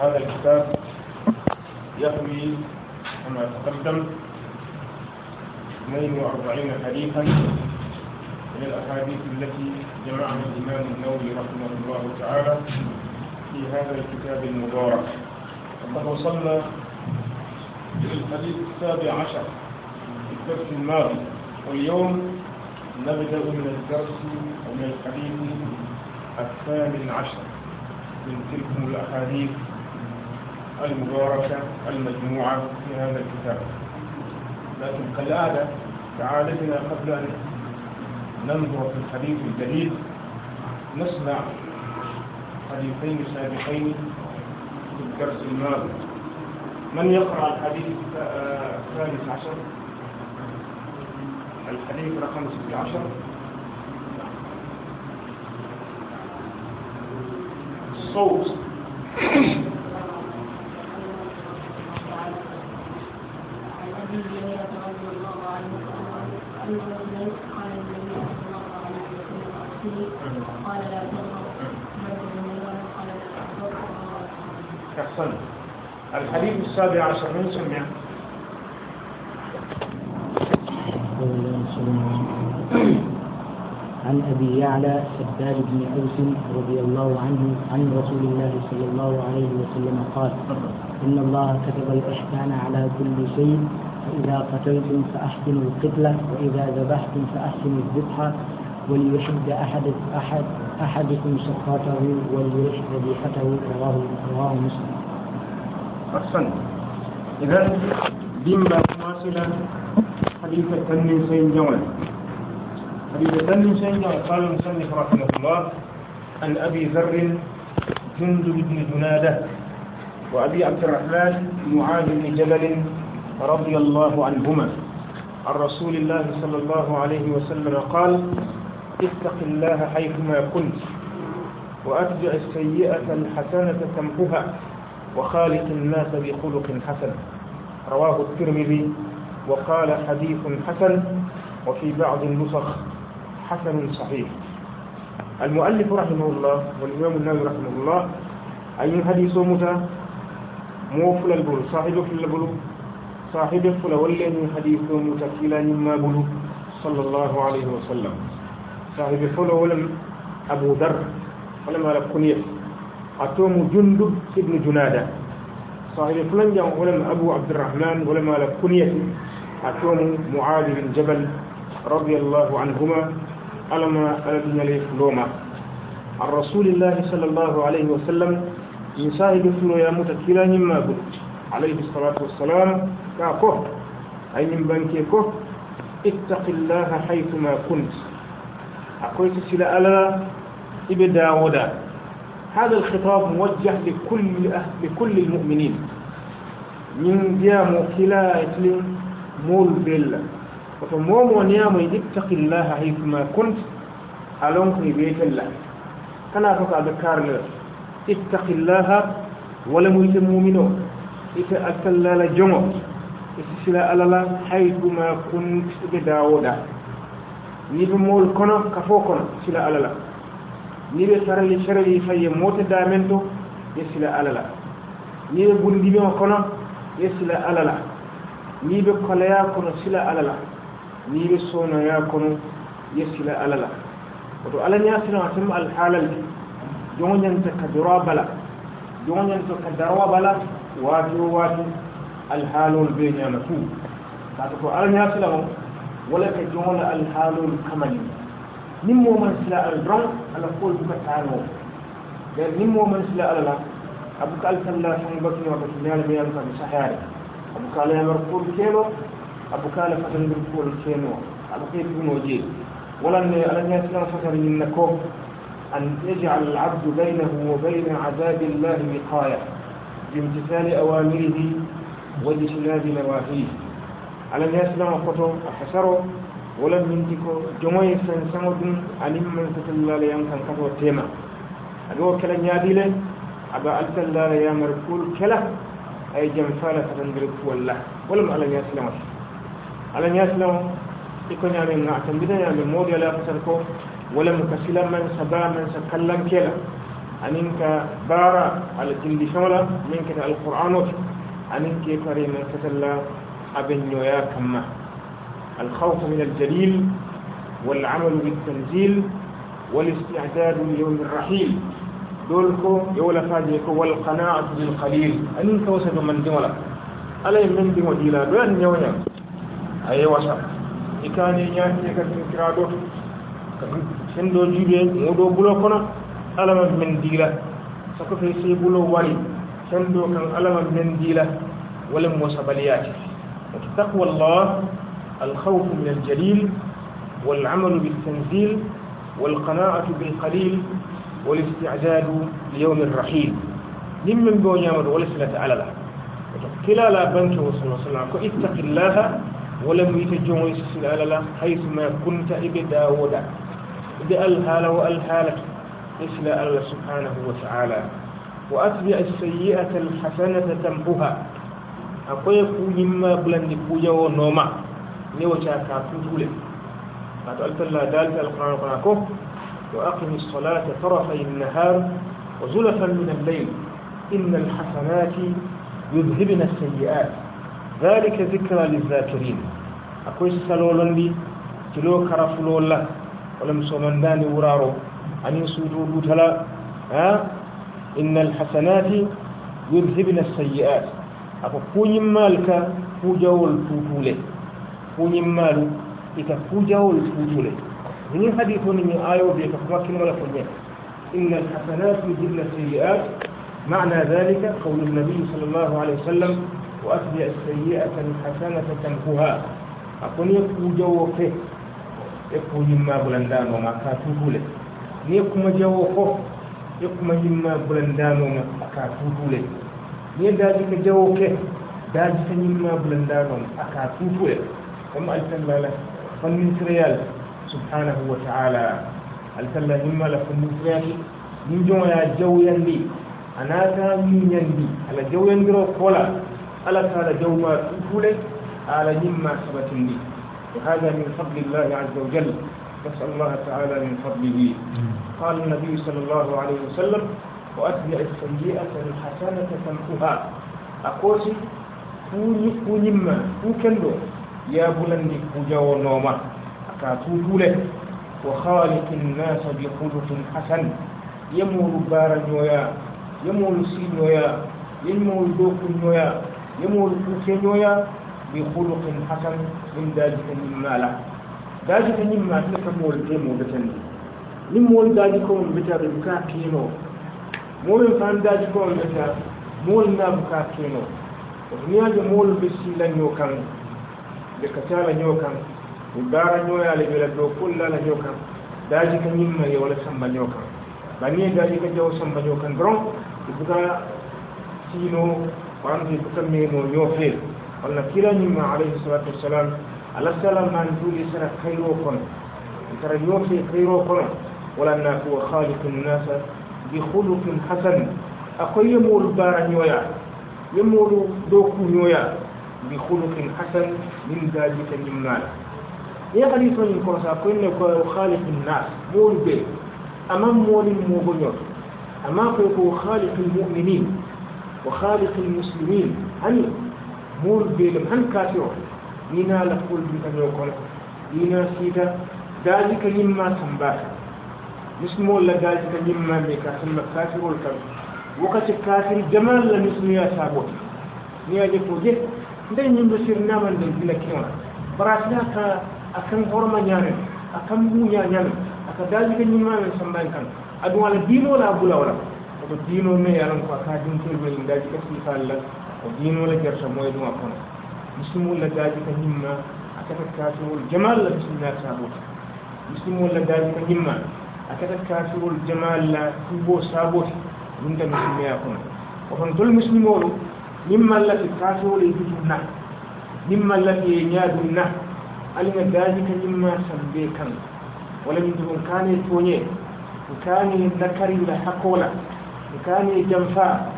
هذا الكتاب يحوي كما تقدم 42 حديثا من الاحاديث التي جمعها الامام النووي رحمه الله تعالى في هذا الكتاب المبارك وقد وصلنا الى الحديث السابع عشر في الدرس الماضي واليوم نبدا من الدرس ومن من الحديث الثامن عشر من تلك الاحاديث المباركة المجموعة في هذا الكتاب لكن كالعادة كعادتنا قبل أن ننظر في الحديث الجديد نسمع حديثين سابقين في الدرس الماضي من يقرأ الحديث الثالث عشر الحديث رقم عشر الصوت أحسن الحديث السابع عشر من سمع عن ابي يعلى سبال بن اوس رضي الله عنه عن رسول الله صلى الله عليه وسلم قال ان الله كتب الاحسان على كل شيء إذا قتلتم فأحسنوا القتلة وإذا ذبحتم فأحسنوا الذبحة وليحد أحد أحد أحدكم شقاته وليحد ذبيحته رواه رواه مسلم. أحسن. إذا بما مماثلة حديث من سيد جمل. حديث من سيد جمل قال المصنف رحمه الله عن أبي ذر جندب بن جنادة وأبي عبد الرحمن معاذ بن جبل رضي الله عنهما عن رسول الله صلى الله عليه وسلم قال اتق الله حيثما كنت وأتبع السيئة الحسنة تمحها وخالق الناس بخلق حسن رواه الترمذي وقال حديث حسن وفي بعض النسخ حسن صحيح المؤلف رحمه الله والإمام النووي رحمه الله أي حديث موسى موفل البلو صاحب في البلو صاحب من يعني حديث متكلا مما بلو صلى الله عليه وسلم صاحب ولم أبو ذر ولم على كنيف أتوم جندب ابن جنادة صاحب فلان يعني ولم أبو عبد الرحمن ولم على كنيف أتوم معاذ بن جبل رضي الله عنهما ألم ألبن يلي فلوما عن رسول الله صلى الله عليه وسلم من صاحب فلو يا يعني متكلا مما بلو عليه الصلاة والسلام كاكوه أي من بنك كه اتق الله حيثما كنت أقول سلا ألا إبدا ودا هذا الخطاب موجه لكل أهل لكل المؤمنين من ديام وكلا يتلي مول بيلا وفمومو ونيام اتق الله حيثما كنت في بيت الله كان فقط أذكار اتق الله ولم يتم مؤمنون ita akan lala jongo isi sila alala haytuma kun ɓe dawoɗa ni ɓe mowol kono ka fo kono sila alala ni ɓe sarali sarali faye motada men to ye sila alala ni ɓe gundiɓeo kono ye sila alala ni ɓe kolaya kono sila alala ni ɓe sonoya kono ye sila alala woto alanya sino atem alhaalal jogoñanta ka dora bala jogoñanta ka darwa bala واتي واتي الحال بين يمسو كاتو ارن يا سلام ولا تجول الحال الكمل نيم مو من سلا الرون على كل بك تعالوا غير يعني نيم مو من سلا الا ابو قال سلا سن بك يوم بك نال ميال كان شهر ابو قال يا مرقول كيلو ابو قال فتن نعم، بقول كيلو ابو كيف موجي ولا ان ارن يا سلام فكر نعم، انكم ان يجعل العبد بينه وبين عذاب الله وقايه بامتثال أوامره واجتناب نواهيه على الناس لما قطو أحسروا ولم ينتكو جمعي سنسانو دون أنم من ستلا ليام كان كتو تيما أدو كلا نيادي لي أبا ألتلا ليام ركول كلا أي جمفالة فتنبرك والله ولم على الناس لما على الناس لما إكو نعمل نعتم بدا نعمل مودي لا فتركو ولم كسلا من سبا من سكلم كلا anin ka bara alkindi sola min kete alqur'anot anin ke kare man satalla aben ñoya kamma alkhawf min aljalil والعمل بالتنزيل والاستعداد ليوم الرحيل دولكو يولا فاجيكو والقناعة بالقليل أنين كوسد من دولك alay men ndimo ɗiila ɗo en ñawña a yewata ikani ñaati e kadi min kira ɗo kadi sen ɗo juuɓe muɗo bulo kono alama men diila sako fe bulo wari sen do kan alama men diila wala mo sabaliyaati oto taqwa al khawf min al jalil wal wal amal bil bil tanzil qalil aljalil walamalu biltanzil walqanaatu bilqalil والاستعداد ليوم الرحيل نمن بو wala ولا سلة kila la كلا sallallahu بنت صلى الله عليه وسلم اتق الله ولم يتجون haythu ma kunta ibda wada bi al hala wa al والحالة مثل الله سبحانه وتعالى واتبع السيئة الحسنة تمحها أقول كوي ما بلند كوي ونوما نوشا كاتو تولي أتألت الله دالت القرآن قناكم وأقم الصلاة طرفي النهار وزلفا من الليل إن الحسنات يذهبن السيئات ذلك ذكرى للذاكرين أقول سلولا لي تلو كرف لولا ولم سومن داني ورارو أن سجود ها إن الحسنات يذهبن السيئات أقول كوني مالك فوجو فوتولي كوني مالو إذا فوجو فوتولي من حديث من آيو بيك فما كلمة لفنية إن الحسنات يذهبن السيئات معنى ذلك قول النبي صلى الله عليه وسلم وأتبع السيئة الحسنة تمحوها أكون يكو فيه يكو يما بلندان وما كاتبه له ne kuma jawo kof ya kuma yi ma bulan ma a katu dule ne daji ka jawo ke daji ka yi ma bulan ma a katu dule kuma altan lala fannin siriyal subhanahu wa ta'ala altan lala yin mala fannin siriyal yin jawo ya jawo yandi a na ta yin yandi ala jawo yandiro kola ala ta da jawo ma dule ala yi ma sabatin ne وهذا من فضل الله عز وجل نسأل الله تعالى من فضله قال النبي صلى الله عليه وسلم وأتبع السيئة الحسنة تمحها أقوسي كوني كوني ما كوكندو يا بلندي كوجاو ونوما أكاتو دولة وخالق الناس بخلق حسن يمول بارا نويا يمول سي نويا يمول دوك نويا يمول كوكي نويا بخلق حسن من ذلك مما gaaji ɓe ñimma tene kam moore demoɓe tanni nimmoolu gaaji ko on mbiyetaaɓe buka piinoo moɗon faamdaaji ko on mbiyeta moolnaa buka piinoo oto niyaaje moolu ɓe sillanñoo kan ɓe kataala ñoo kan mi baara ñooyaale wela dow kollaala ñoo kan daaji ka ñimma yo wala samba ñoo kan bannie daaji ka jawo samba ñoo kan doron ɓe buka siinoo wanto buka meemoo ñoo feel walla kiila ñimma alayhi salatu wasalam على السلام من تولي سر خيركم سر يوفي خيركم ولنا هو خالق الناس بخلق حسن أقيم يمول باره ويا يمول دوكو ويا بخلق حسن من ذلك المال يا حديث من كوسا كن خالق الناس مول بي أمام مول موغنيوت أما كو خالق المؤمنين وخالق المسلمين هل مول بي لم هل كافرون diina la ful bisañoo kono diina siita daaji ka yimma tan baata mismol la daaji ka yimmande ka sanna kafirol kam wakati kafir jamal la mismiya saaboti niyaje ko je nday ñimɓe sirnaman nde dina kiona barasina ka a kan horma ñaamen a kan muuña ñaamen aka daaji ka yimmamen sambaen kan aɗum ala diinola a bulawla oto diino me yalan ko aka dintol men daaji ka siifal la o diinola jarta moye ɗum a kono muslimun la dalika himma akatakafiru aljamal la bismillah sabo muslimun la dalika himma akatakafiru aljamal la kubo sabo ɗum tan muslimiya kono o tan tol muslimoɗo nimmallati kafirole e ɗiɗum na nimmallati e ñaadum na alina daaji ka ñimma sambe kan wala min toon kaane tooñe ko kaane dakarila hakkoola ko kaane jam faa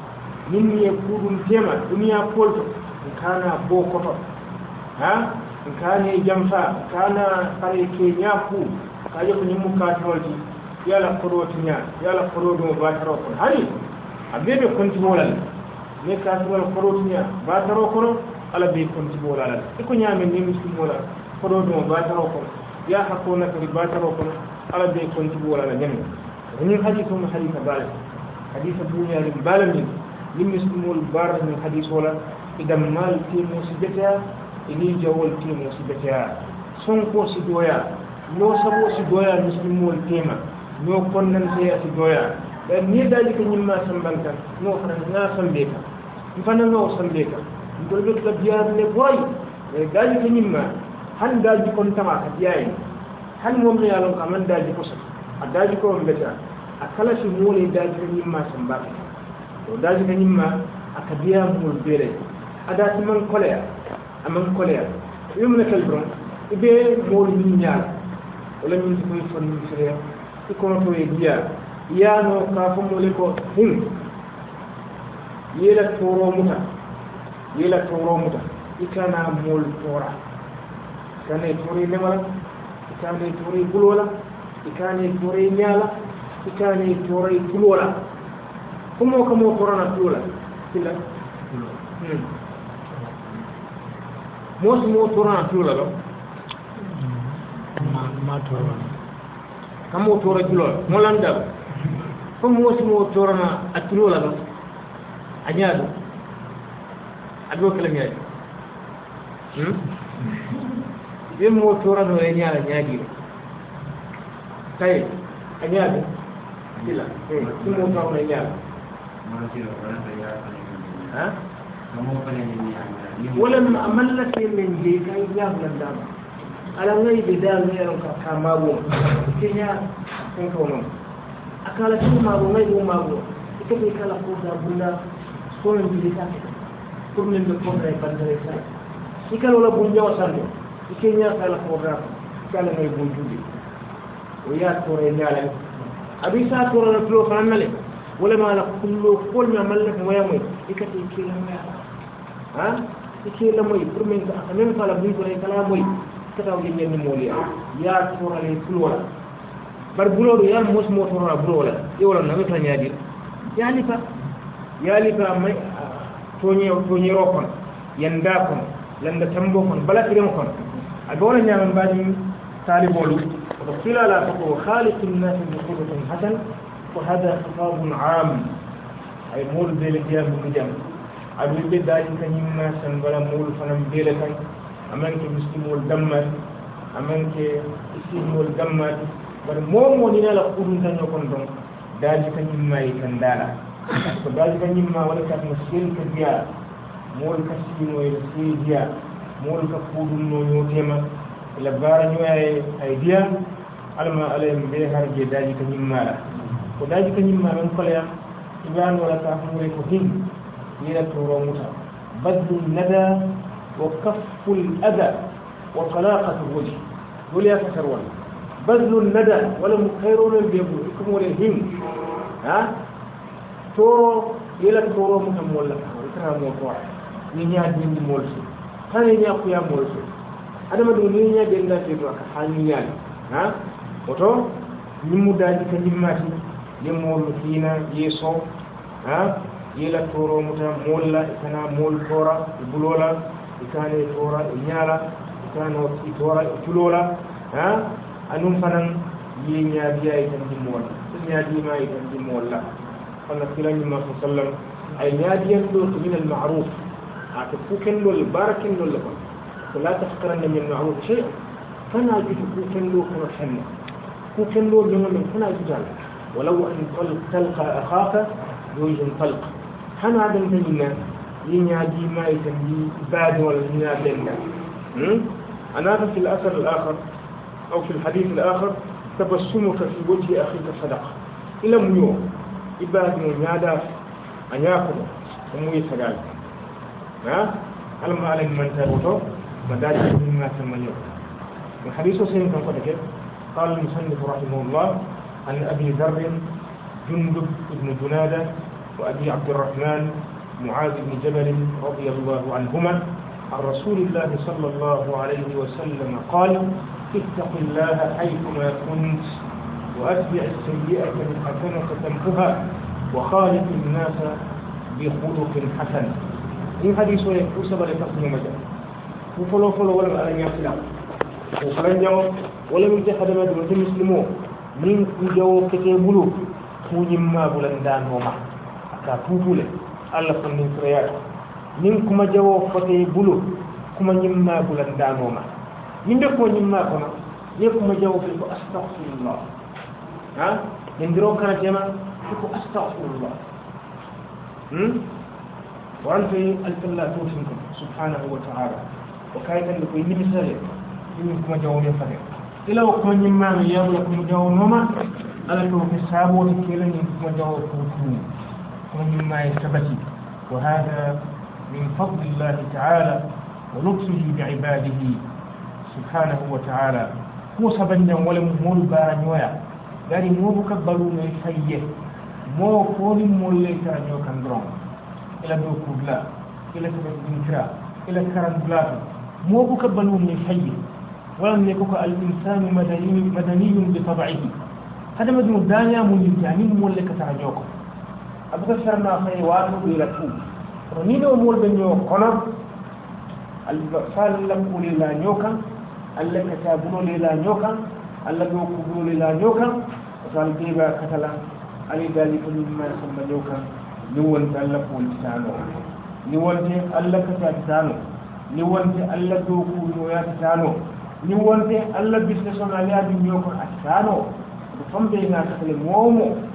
kuuɗum tema duniya poolto kana bokoto ha nkane jamfa kana kare ke nyaku kaje kunyi muka toji yala korotinya yala korodo ba taro kun hani kun ti molal ne ka tawal korotinya ba taro ko ala be kunti bolal iko nyame ni muslimola korodo ba taro kun ya na ka ba taro ko ala be ti molal ne ni hadithu mu haditha bal haditha dunya lim balam ni molal bar ni hadith wala idan mal ti musibita ini jawol ti musibita son ko si doya no sabo si doya muslimol tema no konnan se si doya dan ni dali ko nyimma sambanka no fana na sambeka fana no sambeka ngol be ka biyar ne boy e dali ko nyimma han dali kon tama ka biyayi han mom ne yalon aman dali ko sa dali ko mbeta akala si mole dali ko nyimma sambaka to dali ko nyimma akabiya mul bere adaa si man colére a man colére yum ne kel bron ibe moolu min ñaar wala min si koy son min frère si konotowee jiya yaano kaa fo moole ko hun yeela tooroo muta yeela tooroo muta ikanaa mool toora ikanee tooree lemala ikanee tooree buloola ikanee tooree ñaala ikanee tooree tuloola fo moo ka moo torona tuloola silla hmm. moos mo toran cuula ɗo ma toran kamo tora culola molanɗa ɗo fo moosi mo torana a culola ɗo a ñaa ɗo aɗo kala ñaaji ɓen mo torano e ñaala ñaagiɗo tawi a ñaa ɗo sila ɗum mo torano e ñaala ha kamo fane ñaala ولما ملت من ديك إياه من دام على غير دام يرك كما هو كنا نكون أكل شو ما هو غير ما هو كيف يكلا فوزا بنا كون ديك كون من بكون راي بندرسا يكلا ولا بنجا وسند كنا كلا فوزا كلا غير بنجودي ويا توري نعلم أبي ساتورا نفلو فنملك ولا ما لك كله كل ما ملك ويا مي إكتي كلا ما ها kela moy pour min ko aka min fala min ko re kala moy kataw ge ñen mo liya ya tora le kulwala bar bulo do ya mos mo tora bulo wala e wala na ta nyaadi ya li fa ya li fa may to ñe to ñe ro kon yanda kon landa tambo kon bala kirem kon a gona ñaam baadi talibolu ko filala ko khaliq an-nas bi khuluqin hasan وهذا خطاب عام أي مول ذلك يا ابن aɗum ɓe daari ka yimma sen wala muulu fanan beele kan amanke muslimol dammat amanke islimol dammat wata momoninala ko ɗum taño kon donc daaji ka yimmayi tan daala ko daaji ka yimma wala katno seeri ka diya mool ka siinoyla seeri diya mool ka kuuɗumno ñootema ila baara ñoyaye ay diya alama ala en mbe harje daaji ka yimmaɗa ko daaji ka yimma men koloya ibanola ka humure ko hin ni na turo mutane badlun nada wa kafful ada wa talaqatul wajh dole ya fasar wannan badlun nada wala mukhairun bi yabdukum wala him ha toro ila toro mutam wala kana mo to ni nya din ni molso kana nya ku ya molso adama do ni nya den na te to ka hani nya ha oto ni mu dadi ka ni mati ni mo lu fina yeso ha yila toro muta molla la ikana mool toora i buloo la ikane tora i ñaa la ikano i toora i culoo la a anum fanan ye ñaabiya itan dimol la ñaadima itan dimmool la kono kilañima sallam ay ñaadiyan ɗo ko min al maruf ate al barakin le kon ko la tahqiranna min al maruf chey fana jutu kukenɗo kono henna kukenɗo jongo men fana jutala ولو ان تلقى اخاك يوجد طلقه hana adam ta yinna yin ya ji ma ya tambi ba'da wal hina dalla anaka fil asar al akhar aw fil hadith al akhar tabassumuka fi wajhi akhika sadaqa ila muyo ibadu nyada anyako mu yi sagal ha alma alim man tabuto madaji min ma tamanyo الحديث سين كان قد قال المصنف رحمه الله عن ابي ذر جندب بن جناده وأبي عبد الرحمن معاذ بن جبل رضي الله عنهما عن رسول الله صلى الله عليه وسلم قال اتق الله حيثما كنت وأتبع السيئة الحسنة تمحها وخالق الناس بخلق حسن إن حديث يكتسب لتصل مجال وفلو فلو ولم ألم يصل وفلن جو ولم يتحد مدرسة المسلمون من جو كتابلو كوني ما بلندان ومعنى ka tutule alla fonnin sirayata nin kuma jawo fote bulo kuma ñimma bulandanoma min de ko ñimma kono ye kuma jawo fe ko astahfirullah ha nindiro kanatema ko astahfirullah wa anta alfalla totin ko subhanahu wa taala o kayitande koye nimisale min kuma jawome fate ilawo kuma ñimmami yabula kuma jawonoma ala to ke saabode kelañin kuma jawo ko tuumi ومما يستبكي وهذا من فضل الله تعالى ولطفه بعباده سبحانه وتعالى هو صبنا يعني ولم مول بارنويا داري مو بكبلو من حيه مو كل مولي ترنيو كندرون إلى دو كبلا إلى كبت إنكرا إلى كران بلاد مو بكبلو من حيه ولم يكوك الإنسان مدني مدني بطبعه هذا مدن الدانيا من يتعني مولي كترنيوكم abuka sharna fay waatu bi ratu ko ni do mol be nyo kono al sallam kuli la nyokan alla ka tabulo le la nyokan alla do kubulo le la nyokan sal be ba katala ali dali ko ni ma samba nyokan ni won alla ko lisano ni won te alla ka tabtano ni won te alla do kubulo ya tabtano ni won te alla bisne sonaliya bi nyokon atano ko fambe na katale momo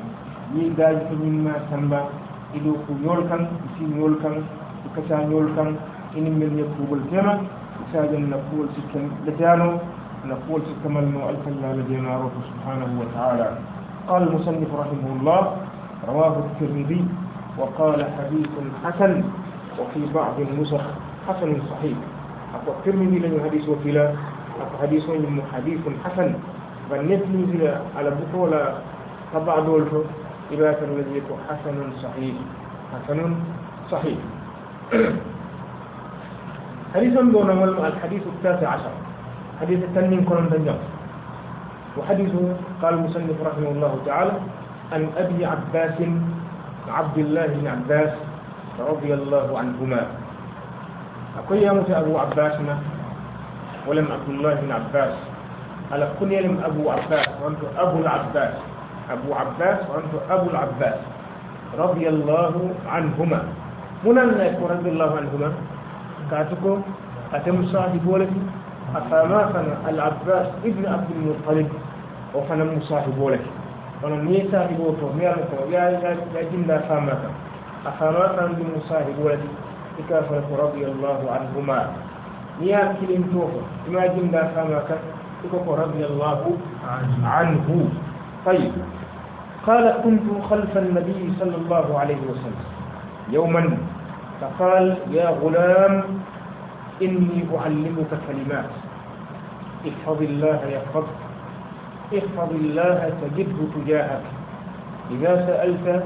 ñi gaaj ko ñin ma samba ido ku ñol kan si ñol kan ka sa ñol kan ini mel ne kubul tema sa jan na kubul sikken da tano na kubul sikkamal no alfalla la jena rabbu subhanahu wa ta'ala قال المصنف رحمه الله رواه الترمذي وقال حديث حسن وفي بعض النسخ حسن صحيح أقوى الترمذي لن يحديث وكلا أقوى حديث حديث حسن بل نتني على بكرة ولا تبع دولته إباحة يكون حسن صحيح حسن صحيح حديث دون الحديث التاسع عشر حديث التنين بن دنجم وحديثه قال المصنف رحمه الله تعالى عن أبي عباس عبد الله بن عباس رضي الله عنهما أقول موسى أبو عباسنا ولم عبد الله بن عباس على كل يلم أبو عباس وأنت أبو العباس أبو عباس وعنده أبو العباس رضي الله عنهما هنا نكون رضي الله عنهما كاتكو أتم صاحب ولدي أفاماخنا العباس ابن عبد المطلب وفنا مصاحب ولدي وأنا مي صاحب وتو مي يا يا يا جندا فاماخنا أفاماخنا ابن مصاحب ولدي إكافرة رضي الله عنهما مي أكلم توفى ما جندا فاماخنا إكافرة رضي الله عنه طيب قال كنت خلف النبي صلى الله عليه وسلم يوما فقال يا غلام إني أعلمك كلمات احفظ الله يحفظك احفظ الله تجده تجاهك إذا سألت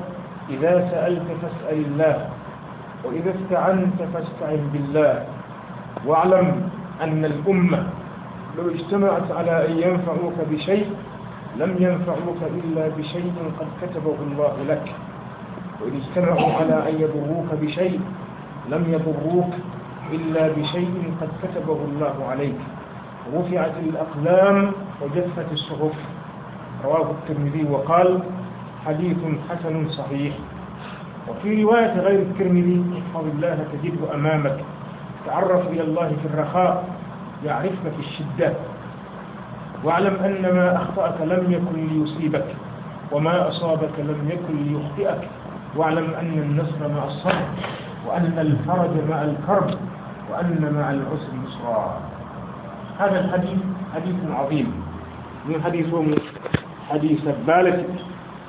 إذا سألت فاسأل الله وإذا استعنت فاستعن بالله واعلم أن الأمة لو اجتمعت على أن ينفعوك بشيء لم ينفعوك إلا بشيء قد كتبه الله لك وإن اجتمعوا على أن يضروك بشيء لم يضروك إلا بشيء قد كتبه الله عليك رفعت الأقلام وجفت الصحف رواه الترمذي وقال حديث حسن صحيح وفي رواية غير الترمذي احفظ الله تجده أمامك تعرف إلى الله في الرخاء يعرفك في الشدة واعلم أن ما أخطأك لم يكن ليصيبك وما أصابك لم يكن ليخطئك واعلم أن النصر مع الصبر وأن الفرج مع الكرب وأن مع العسر يسرا هذا الحديث حديث عظيم من حديث حديث بالك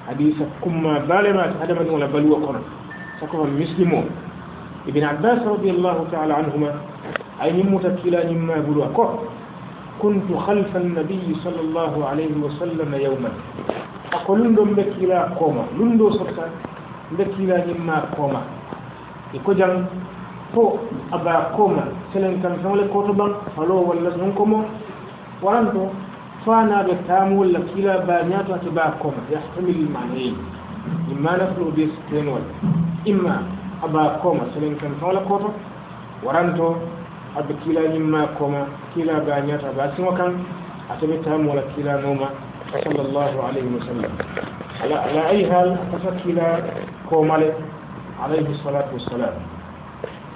حديث كما بالمات هذا من ولا بلوى قرن سكوا مسلمون ابن عباس رضي الله تعالى عنهما أي من متكلا مما بلوى قرن كنت خلف النبي صلى الله عليه وسلم يوما أقول لندم بكلا كوما لندو سبسا بكلا نما كوما يكو جان فو أبا كوما سلن كان سمولي كوتبا فلو ولا سنكوما وأنتو فانا بتامو لكلا بانياتو أتبا كوما يحتمل المعنيين إما نفلو بيس تنول إما أبا كوما سلن كان سمولي كوتبا ورانتو aɓe kiila ñimma koma kiila ba ñata ba siŋo kaŋ atami taamo la kiila nooma sallallahu alayhi wa sallam ala ala ayi hal akasa kiila koomale alayhi salatu wassalam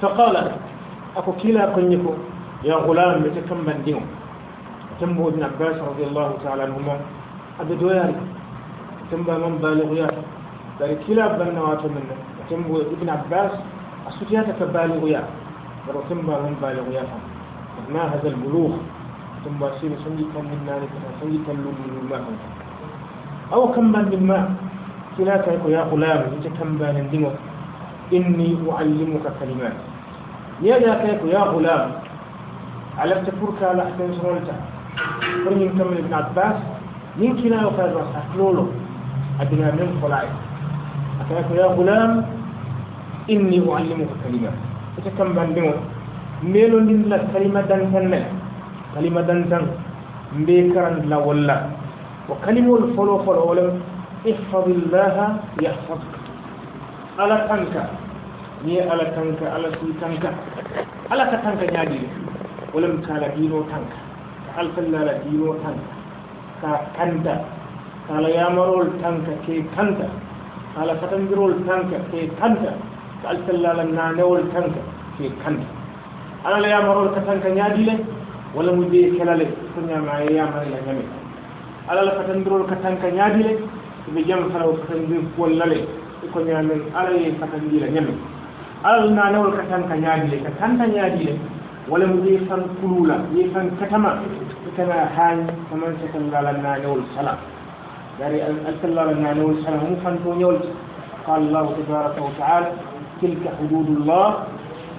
fa qala ako kiila koññi ko ya gulam mbete kambandiŋo tembo ibne abbas radiallahu taala anhuma aɓe doyaari temba man baaligoyaata bari kiila bannawato men ne tembo ibne abbas a sutiyata ka baaligoyaata ثم من بالغ يفهم ما هذا البلوغ ثم سير سنجي من ناني كان سنجي من الماء أو كم بان من ماء كلا تلك يا غلام إذا كم بان دمك إني أعلمك كلمات يا يا كيك يا غلام على تفرك على أحسن سنولتا فرمي مكمل ابن عباس من كلا وفاد راس أحلولو أدنا من خلعي أكيك يا غلام إني أعلمك كلمات ite melo meelondindi la kalima dantaŋ ne kalima dan tan mbee karan la wala wa kalimul folo folo wala ihfazillah ihfadillaha ala tanka ni ala tanka ala su tanka ala ka tanka ñaadiri wala lem dino tanka al alfalla ala diinoo tanka ka kanta ka ala yaamarol tanka ke kanta ka ala fatandirol tanka ke kanta alsallala nanewol kanka ke kanta alala yamarol ka tanka ñaadile walla mu jeye kelale so ñama yamarela ñame alala fatandirol ka tanka ñaadile eɓe jam faraw fatandir wollale eko ñamen alaye fatandira ñame alal nanewol ka tanka ñaadile ka kanta ñaadile walla mu jeye fan kulula ye fan katama ikana haañi kaman satallala nanewol sala dari alsallala nanewol sala mu fanto ñewol قال الله تبارك وتعالى تلك حدود الله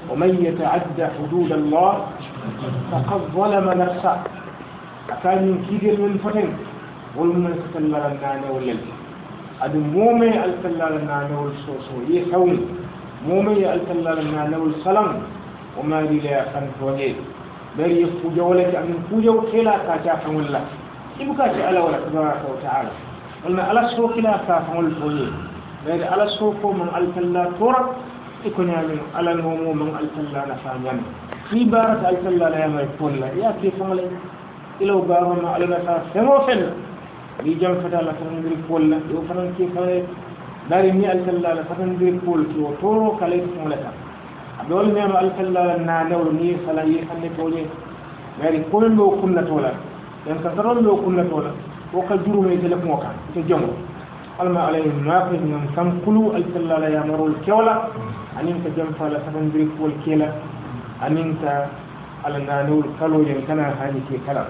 ومن يتعدى حدود الله فقد ظلم نفسه أكان كيدر من فتن ظلم سلل النانا والليل أدم مومي السلل النانا والسوسو يسوي مومي السلل النانا والسلام وما لي لا خن فوجي بل يفوجا ولك أن فوجا كلا كاتا فولا يبقى على ولا تبارك وتعالى قلنا على السوق لا كاتا فولا بل على السوق من السلل تورك ikonyamin alal homo man altalla na fanyam fi barata altalla na yamar polla ya ke fongle ilo baro ma alala sa semo fenna bi jam fata la tan ngir polla yo fanan ke fare dari ni altalla la fatan ngir pol ki o toro kale fongle ta dol ne ma altalla na dawr ni sala yi hanne toje dari kolen do kunna tola dan ka taron do kunna tola ko ka juru me telefon ka ita jongo alma alayhim nafid nan sankulu ya marul kewla anin ta jam fala ka jamfala kul kila anin ta al nanul kalu yan kana hani ki kala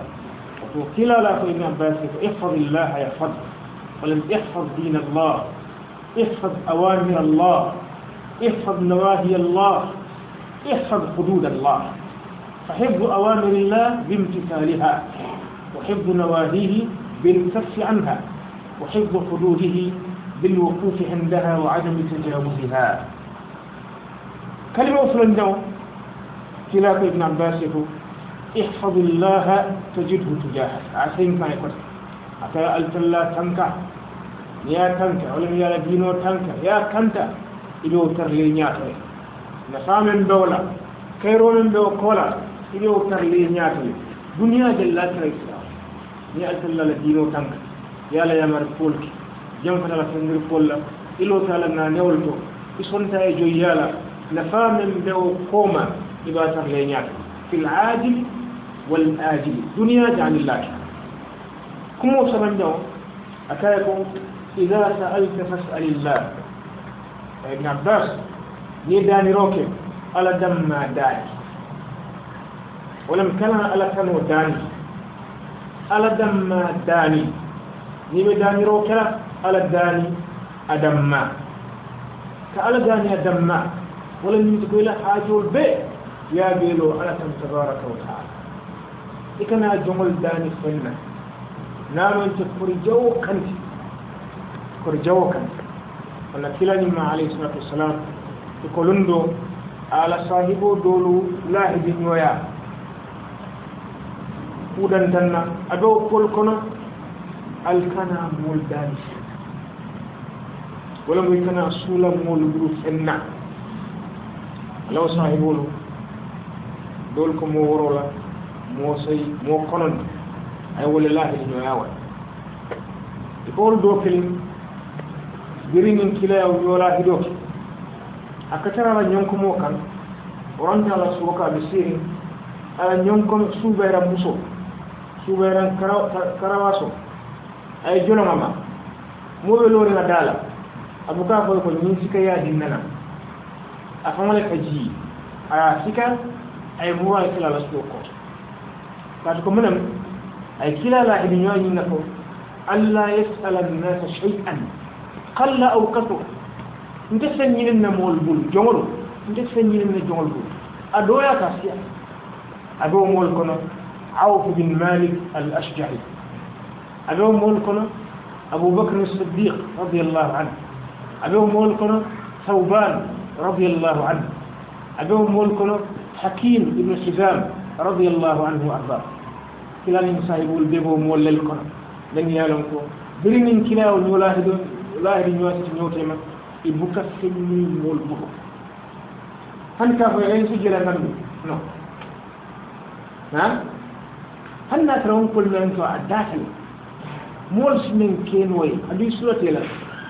to kila la ko ibn abbas ko ihfaz illah yahfaz walam ihfaz din allah ihfaz awamir allah ihfaz nawahi allah ihfaz hudud allah فحفظ أوامر الله بامتثالها وحفظ نواهيه بالكف عنها وحفظ حدوده بالوقوف عندها وعدم تجاوزها كلمة أصلا النوم خلاف ابن عباس احفظ الله تجده تجاهك عسين ما يقول أتى ألت الله تنكع يا تنكع ولم يالا دينو تنكع يا كنتا إلو ترلي نياتي نسام دولة خيرو من دو كولا إلو ترلي دنيا جلات رئيسا يا ألت الله لدينو تنكع yalla yamar fulki jam fa la fendir folla ilo tala na newol to isonta e joyi yalla na famen be o koma ibata le ñaata fi l ajili wal ajili duniyaji anillaki kumo sabande o a tawi ko ida sa'alta fas'alillah ay abbas ni dani roke ala damma daani walam kana على kano داني, ala دم داني. ni be daamiro kela ala daani adamma ka ala daani adamma wala nimti koyla haajol bee yaabeelo ala tan tabaraka wa taala i kana jogol daani fenna naamante kori jawo kanti kori jawo kanti walla kilanima alayhi salatu wassalam iko lundo ala sahibo doolu laahibi ñoya kuuɗantanna adow pol kono alkana mol dani wala muy kana suula moolu buru fenna alaw sahay wolu dool ko moo woro la moo say moo konon ay wala laahi la ñooyaa yawa i ko wolu doo kelin birinin kilayaw yoolaa hidoo ke a kacarala ñonkomoo kan oranta ala suwoka ɓe seerin ala ñonkom suubayran musoo suubayran karawaasoo ay jolonga ma moɓe lorina daala abu ka foy ko min sika ya dinnana a famale ka jii aya sika ay muwawi kilala suɗo ko kaati ko minen ay kilala eɓe ñoañinna fo allah yasala annasa chey an qalla aw kato nte saññinen na mool bul joŋol nte saññinen na joŋol bul a ɗoya ka siya a ɗo mool kono awfu bin malik al ashjari أبيه مول كنا أبو بكر الصديق رضي الله عنه أبيه مول كنا ثوبان رضي الله عنه أبيه مول كنا حكيم بن حزام رضي الله عنه وأرضاه كلا صاحب البيب مول للقنا لن يالنكو برنين كلا والملاهد لاهد نواسي نوتما إبوكا سنين مول بوكو هل كافو يغيسو جلا نمي نو ها هل ناترون كل من أنتو عداتني mols min ken kenway adi la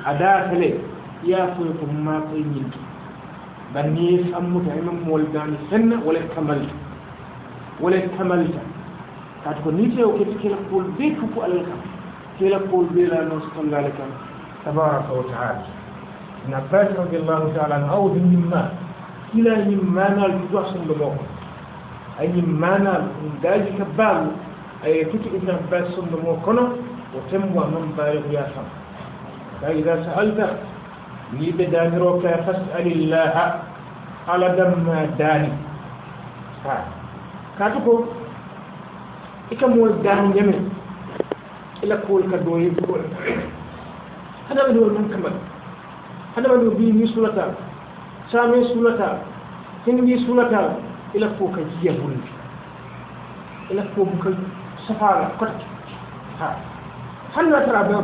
ada tele ya fo ko ma ko yinti banni sammuta e mam mol dani senna wala kamalta wala kamalta kat ko ni tew ket kila kol be ko ko alal kam kila kol be la no sallallahu alaihi wasallam tabaraka wa ta'ala na abbas radiyallahu ta'ala an awd mimma kila mimma na al juwasun do ko ay mimma na ka kabbal ay tuti ibn abbas sun do mo kono وتم ومن بالغ يا فم فإذا سألت لي بدانروك فاسأل الله على دم داني ها كاتبو إكا مول دان جميل إلا كول كدوي كول أنا بدور من كمل هذا بدور بي بيني سلطة سامي سلطة هندي سلطة إلا فوق جيهولي إلا فوق سفارة قد ها هل نترى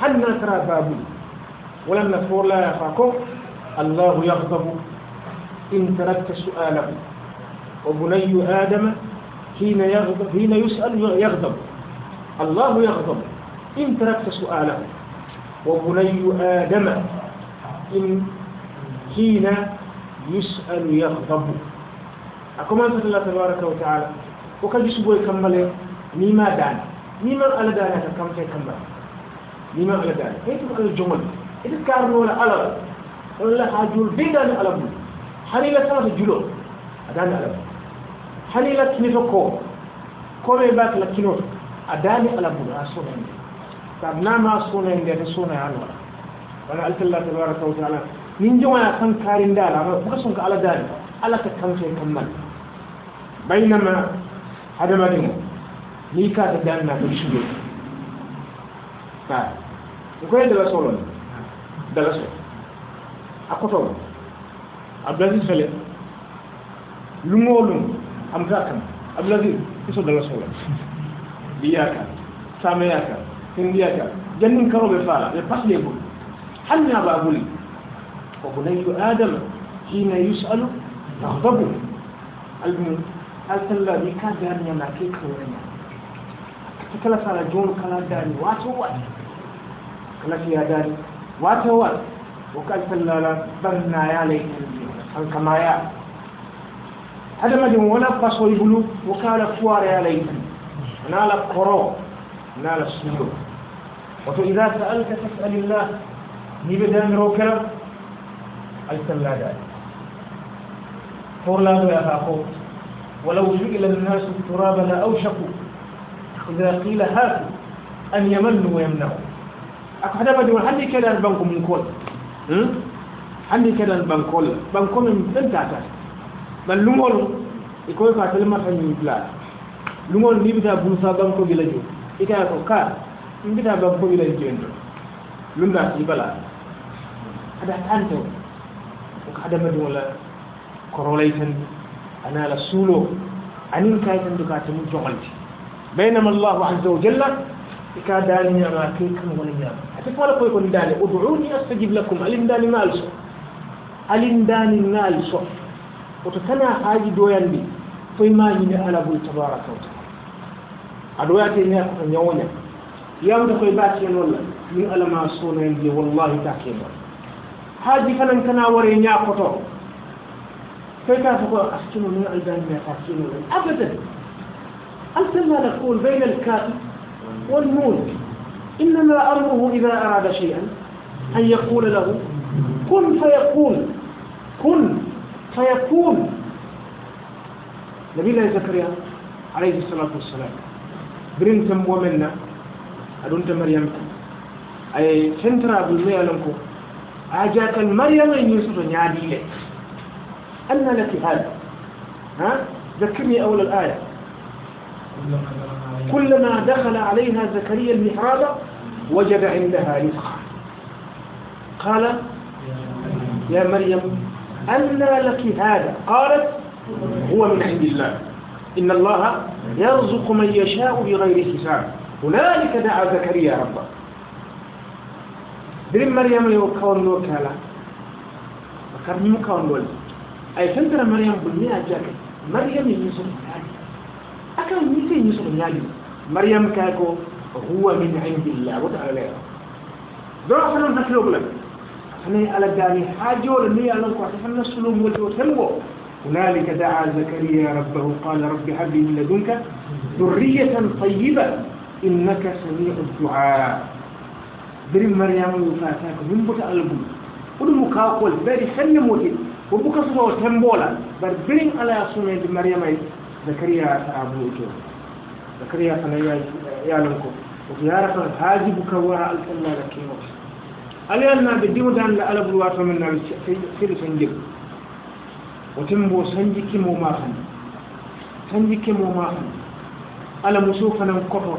هل نترى باب ولم نفور لا يفاكم الله يغضب إن تركت سؤاله وبني آدم حين يغضب حين يسأل يغضب الله يغضب إن تركت سؤاله وبني آدم إن حين يسأل يغضب أكمل الله تبارك وتعالى وكل شيء يكمل نيما داني لما على ذلك كم شيء كم لما على ذلك هي تقول الجمل إذا كارن ولا على ولا حاجول بيدا على بول حليلة ثلاث جلول أدان على بول حليلة كنيفو كو كو يبات لكنو أدان على بول أصون عندي طب نعم أصون عندي أصون عنو ولا ألف الله تبارك وتعالى من جوا كان كارن دار أنا بقصون على ذلك على كم شيء كم بينما هذا ما دينه miikaati danna ko suge ka koye dala soolon dala so a kotowo abdoulasis fele lumoo lum amta kam abdoulasis iso dala soolon ɗiya kam sameya kam hendiya kam jannin karoɓe faala ɓe pasle gol ba goli ko bunayyu adama hina yusalu tahbabu album alsalla ɗi ka darñana ke kawonaña تكلس على جون كلا داري واتوات كلا فيها داري واتوات وقالت لنا برنا يا ليت هل كما يا هذا ما دون ولا قصو إذا سألت فاسأل الله نبدا من روكرا السلا داري فور لا يا ولو سئل الناس التراب لأوشكوا إذا قيل هاتوا أن يمل ويمنعوا أكو حدا بدي يقول هل كذا البنك من كل عندي كذا البنك كل بنك من تنتاتا بل لمول يكون كاتل ما تنين بلاد لمول نبدا بوسا بنك بلا جو إذا أكو كار نبدا بنك بلا جو لمدا سيبلا هذا أنتو وكذا بدي ولا كوروليتن أنا لا سولو أنين كايتن دكاتي مجمعتي بينما الله عز وجل كان داني نعمة كي كان ولي نعمة أتفعل قوي كون داني أدعوني أستجيب لكم ألين داني مال صف ألين داني مال صف وتتنى حاجة دوين بي فيما يني على بول تبارك وتعالى أدواتي نعمة نعمة يوم تقول باتي نولا من على ما صونا يدي والله تاكيما haji kanan kana ware nya koto kai ka fuko askinu ne aljani ne fakinu ne abadan أنت ما نقول بين الكاتب والمولد إنما أمره إذا أراد شيئا أن يقول له كن فيكون كن فيكون نبي الله زكريا عليه الصلاة والسلام برنتم ومنا أدونت مريم أي سنترا بالمية لنكو أجاك المريم أن يوسف نعدي لك أن لك هذا ها ذكرني أول الآية كلما دخل عليها زكريا المحراب وجد عندها رزقا قال يا مريم أنى لك هذا قالت هو من عند الله إن الله يرزق من يشاء بغير حساب هنالك دعا زكريا ربه درين مريم yo kawando kala bakar mu kawando ay tantara maryam bulmi مريم jaka maryam yi akan ni yusuf ñaali maryam ka ko huwa min indillah wa ta'ala do don ko non hakilo bulam sanay ala gani ha ni ala ko tan na sulu mo to tan go هنالك دعا زكريا ربه قال رب هب لي من لدنك ذرية طيبة إنك سميع الدعاء بري مريم وفاتاك من بوت ألبوم ودو مكاقول بري سنموتي وبوكا سوى تنبولا بر بري على سنة مريم zakariya ta abu ito zakariya ta nan yalanku ku yarafa haji buka wa alƙalla da kewa aliyan na da dimu da da alabu wa ta minna sirri sanji mutum bo sanji mu ma san sanji mu ma san ala musufa nan kofo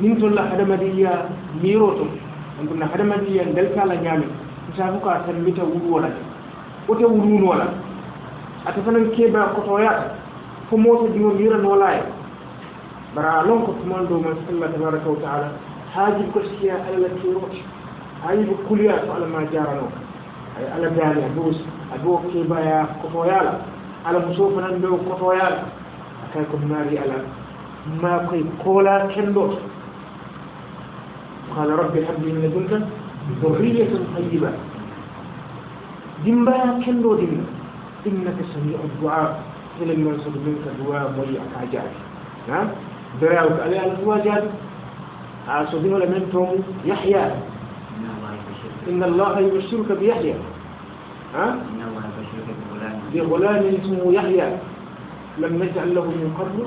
nin tolla hadamadiya miroto on tunna hadamadiya ndeltala ñaami saafu ka san mita wuru wala ote wuru wala ata fanan keɓa ya ko moto di won yurano laay bara lon ko commando man allah tabaraka wa taala haajib ko siya allah tirooti haajib ko kuliya to allah ma jarano ay allah daali a doos a do kebaya kotoyala ala muso fanan ɓe kotoyala akay ko maari ala ma koye koola kenɗoto qala rabbi habli min ladunka dhurriyatan tayyiba dimbaya kenɗo dimna innaka samiu du'a فلم ينصر منك دواء مريع كاجاج نعم براوك على الواجب أصدقوا آه، لمنتم يحيى إن الله يبشرك بيحيى ها؟ بغلام اسمه يحيى لم نجعل له من قبل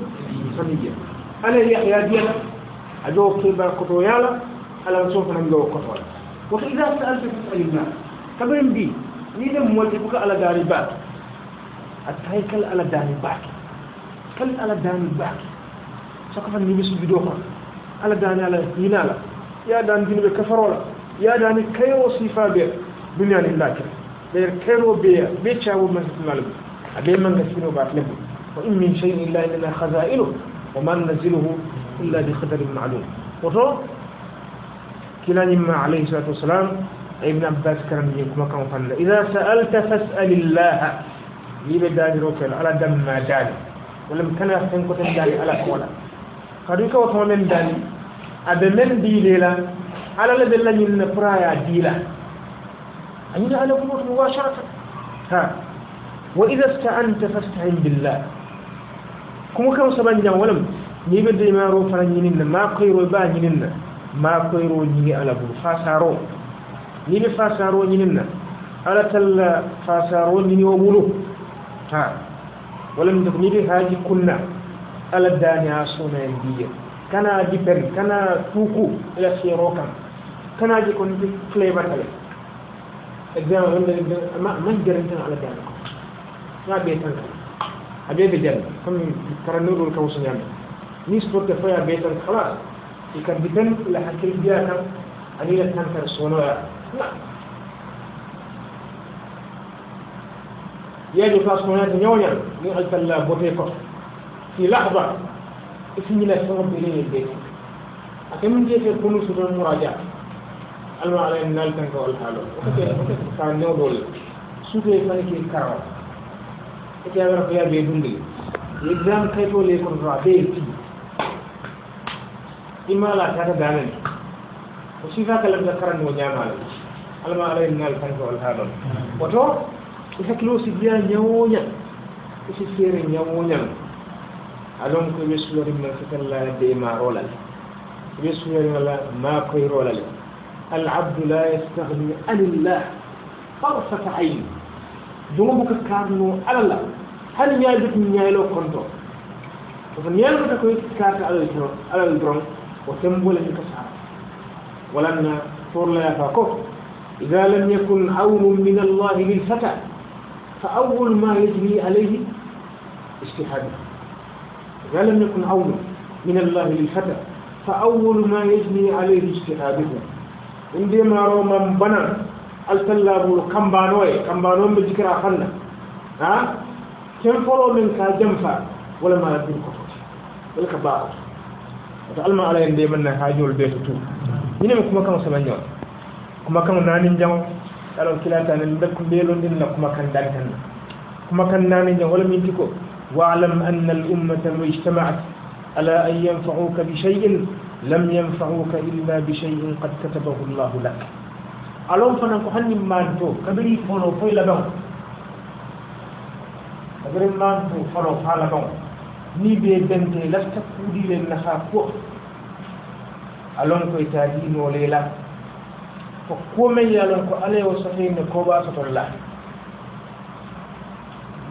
سميا ألا يحيى ديالا أجو كيبا قطو يالا ألا نسوف نمجو قطو وإذا سألت فاسأل الله كبير بي نيدا مولدك على داري بات atahay kala ala daani baake kala ala daani baake soko fan yimɓe sujudoo kon ala daani ala yina ala yaadani dinoɓe kafaroola yaadani kayo sifa ɓe duniyani lakira d'ailleurs kayro ɓeya ɓe cawo masitmala ɓe aɓe manga sino baatile mum wa in min cheyin illa ilana khasailu wa ma nunazziluhu illa bi qadarin maalum woto kilañimma alayhi salatu wassalam e ibne abbas karandiñin kuma kamo fanla ida sa'alta fas'alillaha yiɓe daadiro kel ala damma daali walla mi kana fen koten daali ala koola kadi kawa toma men daali aɓe men diilela ala la ɓe lañinne praya diila añina ala kumoto mubasharata ha wa ida staanta fastain billah kuma kam saban jam walam niɓe deymaro fana ñininna ma koyro ba ñininna ma koyro ñini ala bur fa saro niɓe fa saro ñininna ala talla fa saro ñini o wulu ها ولم تكن يدي هاجي كنا على الدانيا سونا يندي كان هاجي بن كان توكو إلى سيروكا كان هاجي كون في فليفر كلا example wanda ma man jarantan ala dana ko na be tan abe be jan kam karanurul kawsun yam ni sport fa ya be tan khalas ikan bitan la hakil biya kan ani la tan kar sono ya na yeejo fas ko hen ñoñal ni al talla bote ko fi lahda ismila sama bele be akam je te kunu su don muraja al ma alay nal tan ko al halo ko te ko ta no dol su te man ki karaw e te wara ko ya be dundi exam kay to le ko ra be ti imala ta ta danen ko sifa kala da karan mo nyama al ma alay nal tan ko al halo wato fẹ́ kí ló sì bí àyẹ̀wòyàn ó sì fẹ́rẹ̀ àyẹ̀wòyàn alon ko be sulori ma fitan la de ma rolal be sulori la ma ko rolal al abdu la yastaghni an allah طرفة عين دومك كارنو على الله هل يالبت من يالو كنتو فمن يالبت كوي كارت على الدرون على الدرون وتنبول من كسعة ولن فور لا يفاقه إذا لم يكن عون من الله للفتى فأول ما يجري عليه اجتهاده إذا لم يكن عونا من الله للفتى فأول ما يجري عليه اجتهاده عندما ما روما بنى السلام كمبانوي كمبانوي بذكر أخنا ها كم فلو من كجنفا ولا ما يدين كفر ولا كبار وتعلم على يندي من هاجول بيتو هنا مكما كانوا سمعنا كما كان نانين جمع alon kilatanen dakkum ɓeelonɗen na kuma kan ɗantan kuma kan naneña wala minti ko walam anna al ummata lo ijtamaat ala an yanfauka bi cheyin lam yanfauka illa bi cheyin qad katabahu llahu lak alon fanan ko hannin manto kabiri fono foy laban kabiri manto fono fa laban ni ɓe dente lasta kuuɗilen naha ko alon koye taadinoolela ko komai yalon ko alay wa sahihin ne ko ba su tolla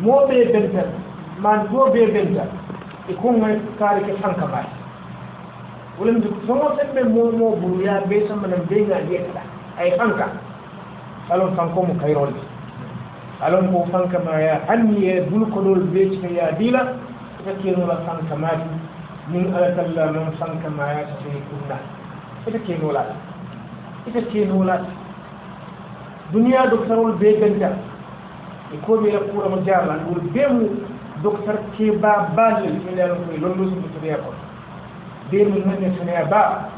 mo be benta man do be benta e ko ngai kare ke fanka ba wulen du so mo sembe mo mo buru ya be sam nan be ga ye ta ay fanka alon fanko mu kairol alon ko sanka ma ya anni ya bul ko dol be ci ya dila take no la fanka ma min ala talla man fanka ma ya sahihin kunna take no la ita ce nuna duniya doktarol be ganta e komi la kuurama jaarlan ɗur bemu docteur keba ballel minano koye londosumo sonoya kon bemu nanne sonoya ba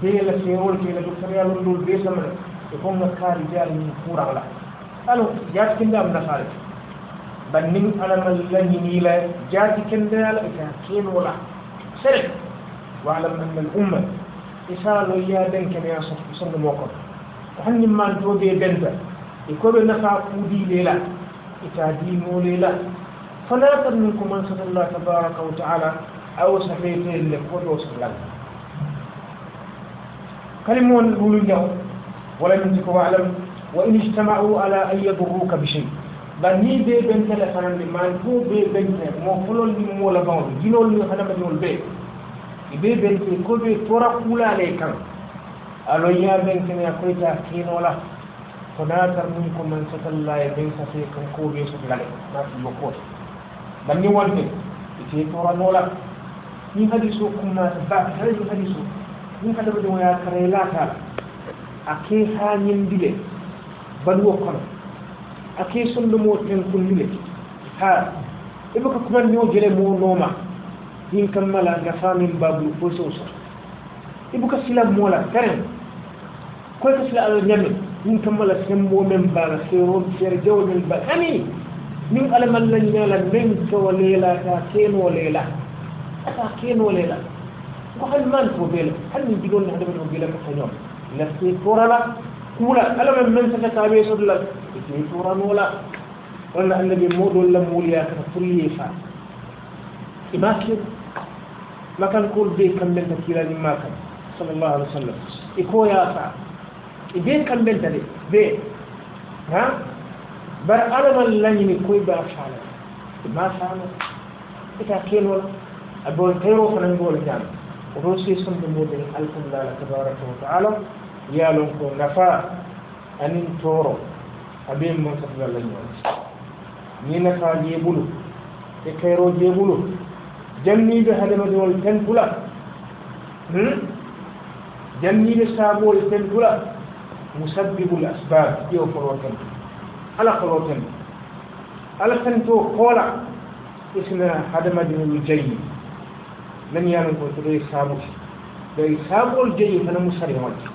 beela seerol tena docteur ya londol be samana e konga kaari jaal min kuuran la alors jaatkindaam nafaare ban nin alamal lañiniila jaati kendeyala e ka keenola sere waalam anna al umma isaalo ya denke ne aso sonno moko ko hanni man do be benta e ko be nafa kudi lela ita di mo lela fala tan min kuma sallallahu tabaraka wa taala aw safayte le ko do sallallahu kalimon bulu nyaw wala min ko wa'lam wa in ijtama'u ala an yadurruka bi shay ba ni be benta la fanan man do be benta mo fulol ni mo la bawo jinol ni hanama jinol be ɓe bente ko ɓe tora kuulaale kan aloya bentene a koyta kenola ko naatarmuni ko man satallah e bensate kan ko weso ngale naati yokkoote banni wonde ete toranola min hadis o kummaata bak haydu hadis o min hade waɗi o yakara e laataa a ke haa ñendile baɗuo kono a ke sondomo tenkondile haa eɓe ko kumanni o jele mo nooma kan mala nga famin babul fo so so ibu ka sila mola karen ko ka sila al nyamin min kammala sembo men bala sero ser jaw men ba ani min alaman lan nyala men to lela ka keno lela ka keno lela ko xal man ko bel xal min digon na men ko bela ko tanyo la se korala kula man men sa ka be so la se korano la wala annabi modol la muliya ka fuliye fa imasir makan kol be kambenta kilani makan sallallahu alaihi wasallam iko ya sa ibe kambenta de be ha bar alaman lanyini koy ba sala ma sala ita ken wala abo tayro fanan gol jam o do si sun de mobe alhamdulillah tabaraka wa ta'ala ya lon ko nafa anin toro abin mun sabda lanyini ni nafa je bulu e kayro je bulu janniɓe hadamadiol ten tula janniɓe saabol ten tula musabbibul asbab ƴew foro ten ala foro ten ala ten to hoola isna hadamadinolu jayi nan yanon ko toɗoye saabuti ɗoye saabol jayi hana musari wacce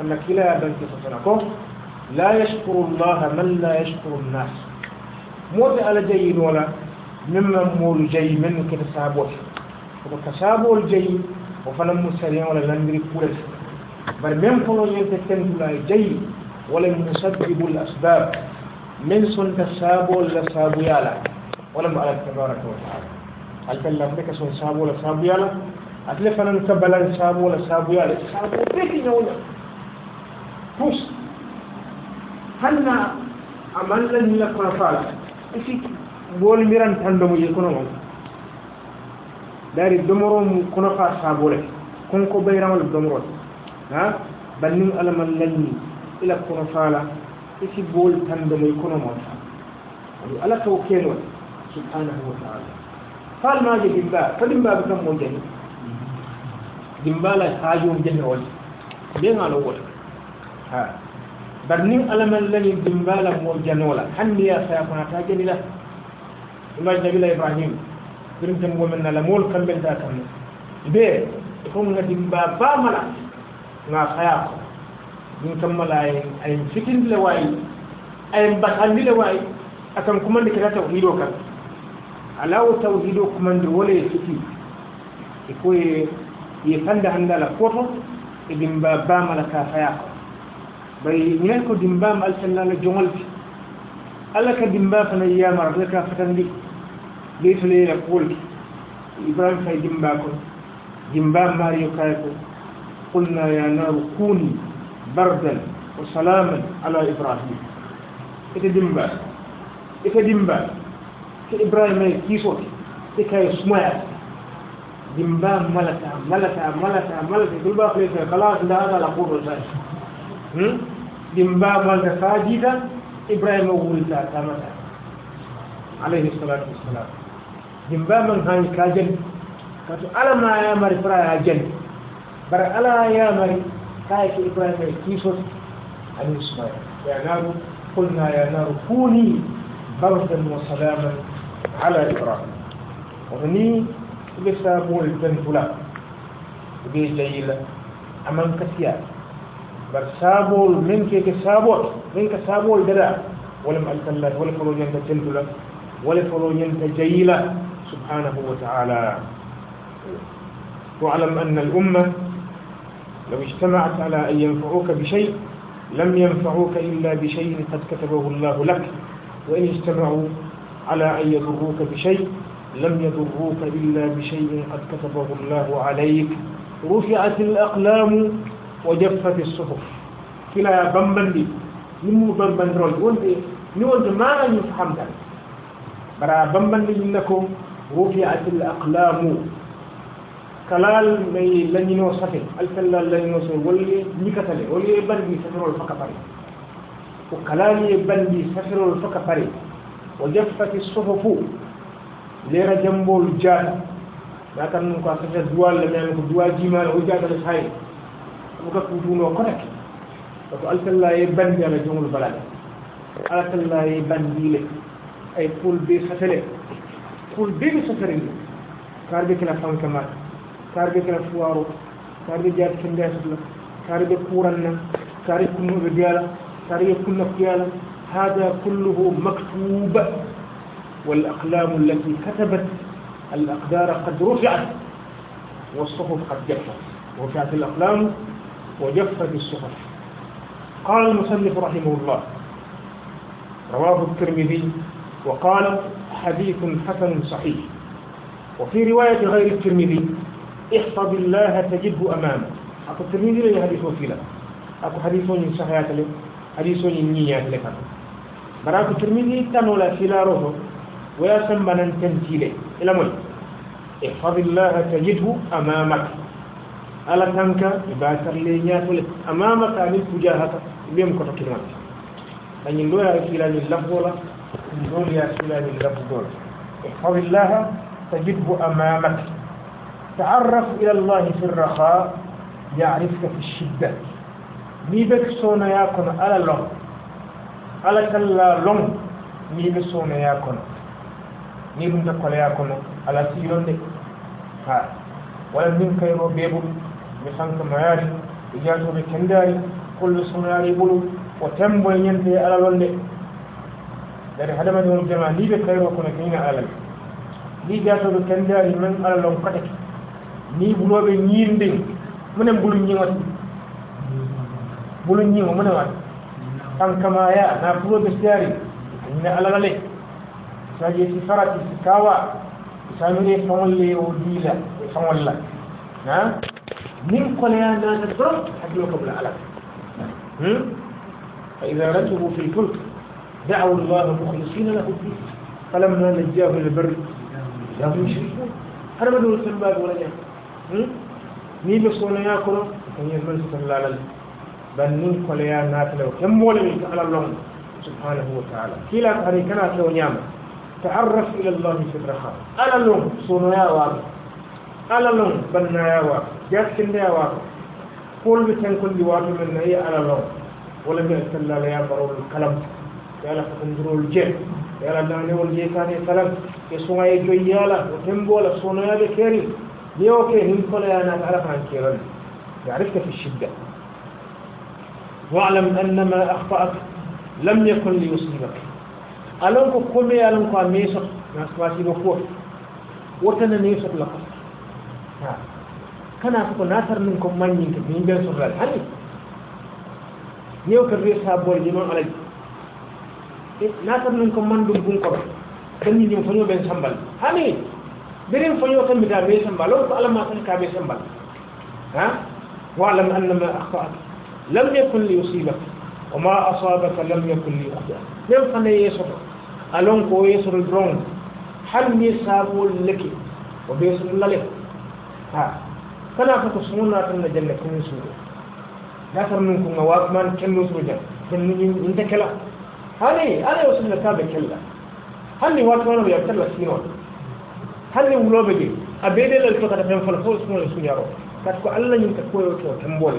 anna kila banke sotona ko la yashkuru llaha man la yashkuru nnas mote ala jayinola ممن مول جاي من كده سابوش كده سابو الجاي وفلم مسريان ولا لندري كورس بل من فلوس يتكلم ولا جاي ولا مسبب الأسباب من سن كسابو ولا سابو يالا ولا ما على تبارك وتعالى هل كان لفلك سن سابو ولا سابو يالا أتلا فلن كبلا سابو ولا سابو يالا سابو بيك نولا بوس هلنا أمان لن يلقى فالك إيه bol miran tan ɗomo je kono on daari domoro mu kono fa sa bolé saabole konko bayramol domorol ha bannin alaman lanni ila kono faala isi bol tan ɗomoy kono mon fa aɗu ala taw kenol subhanahu wa taala fal ma je dimba ko dimbaɓe tan mo jani dimbala haajum jani wol be mbiyegano wol ha bannin alaman dimba la mo la sa janola hanniya saya konata la sulaji nabila ibrahim ɗum tan women nala mool kamɓelɗa kamne ɓe fof gati mba bamala ga saya ko ɗum kammala ayen fitindile wayi ayen batandile wayi akan kumande kata tawhido kan alawo tawhido kumande wole e fiti e koye ye fande hannde ala foto e dimba bamala ka saya ko bay minen ko dimbama alsallala jogolti allah ka dimba fana yiyamara ka fatandi بيتنيلا قول إبراهيم في جنباكم جنبان ماريو كايكو قلنا يا نار كوني بردا وسلاما على إبراهيم إذا جنبا إذا جنبا كإبراهيم كيسوتي إذا سمعت جنبان ملكة ملكة ملكة ملكة كل باقي خلاص لا هذا لا قول ولا جنبان ملكة ساجدا إبراهيم ولد عليه الصلاة والسلام jimba man han ka jan wato ala ma ya mari fara ya jan bar ala ya mari ka ki ibrahim mai kiso ali ismail ya naru kulna ya naru kuni bardan wa salaman ala ibrahim wani ibe sabuwar dan fula ibe jayila aman kasiya bar sabuwar min ke ke sabuwar min ka sabuwar dada wala ma'alkan lafi wala faro yanta tilbula wala faro yanta jayila سبحانه وتعالى واعلم أن الأمة لو اجتمعت على أن ينفعوك بشيء لم ينفعوك إلا بشيء قد كتبه الله لك وإن اجتمعوا على أن يضروك بشيء لم يضروك إلا بشيء قد كتبه الله عليك رفعت الأقلام وجفت الصحف كلا بمبندي نمو رجل وانت نوانت ما أن يفهم ذلك برا لي لكم رفعت الأقلام كلال مي لن ينوصف الفلال لن ينوصف ولي نكتلي ولي بل سفر الفكفري وكلال بل سفر الفكفري وجفت الصحف ليرا جنبو الجاد لكن نكو سفر دوال لمن نكو دوال جمال وجاد الحي نكو كودونو كنك فكو الفلال بندي على جنب البلاد الفلال بندي لك أي قول بي سفلك fulbinu safarinno kaarɓe kina fanka maɗa kaarɓe kina fuwaro kaarɓe jaati kendesla kaarɓe kuranna kaari kunnoɓe diyala kaari kunnaf diyala hada kulluhu maktuba والأقلام التي كتبت الأقدار قد رفعت والصحف قد جفت رفعت الأقلام وجفت الصحف قال المصنف رحمه الله رواه الترمذي وقال حديث حسن صحيح وفي رواية غير الترمذي احفظ الله تجده أمامه أكو الترمذي لي حديث وفيلة أكو حديث وني صحيات لي حديث وني نيات لك براك الترمذي تنو لا فيلا روحه ويا سمنا تنتيلي إلى مول احفظ الله تجده أمامك ألا تنكا يباتر لي نيات لك أمامك أن تجاهك بيم كتو كلمات لأن الله يفيلا للفظ من يا سلام اللفظ دول احفظ الله تجده أمامك تعرف إلى الله في الرخاء يعرفك في الشدة ميبك سونا ياكن على لون على كلا لون نيب سونا ياكن نيب نتقل ياكن على سيون دي ها ولا من كيرو بيبو مثلا كمعاري إجازة بكنداري كل سونا يبولو وتنبو ينتهي على لون دي dari hadamadewol jama ni ɓe kayro kono ke ina alal ni jatoɗo kendaari men alalon koteke ni buloɓe ñiin ndin minen bulu ñiŋoti bulu ñiŋo mune wat tan kamaya na buloɓe siyaari ñina alalale saje si farati si kawa samire faŋolle o diila e faŋol la a min koleya naata dorom hakkilo kobla alal fa ida ratuhu fi lfulk دعوا الله مخلصين له الدين فلما نجاه الى البر كانوا يشركون انا ما دورت من باب ولا جاب ني بسونا ياكلوا كان يزمن سبحان الله بل من قال يا ناتل كم مولى على الله سبحانه وتعالى كلا تاري كنا سو نعم تعرف الى الله في الرخاء انا الله سونا يا واق على الله بنا يا واق جاتك يا واق قول بتنكون دي واق من هي انا الله ولم يتلى لا يا برو الكلام yala fakandurol je yala nanewol je kane salam e suga e joyi yala o tembola sonoyaɓe keri ni o ke hin konoyanaka ala kan keron يعرفك في الشدة واعلم أن ما أخطأك لم يكن ليصيبك ألنكو قمي ألنكو أميسك ناس ماشي بفوح وتنا نيسك لك كان أفكو ناثر منكم من ينكب من بين صغير هني يوكر ريسها بول جنون عليك natar nan ko man dum bun ko tan ni ñum fanyo ben sambal ami birin fanyo tan mi da be sambal ko ala ma tan ka be sambal ha wa lam anna ma akhta'at lam yakun li yusibak wa ma asabaka lam yakun li yukhti'ak nem fane yeso alon ko yeso drong hal mi sabul laki wa be so lalek ha kana fata suna tan da jalla kun su da tar nun kun wa man kan nusu da kan nun in ta kala hani ana yosu na ta bekella hanni watu wana ya tella ne hanni ulobe ni abede le to kata fem falfo sino su yaro kat ko alla nyin ka wata to tambol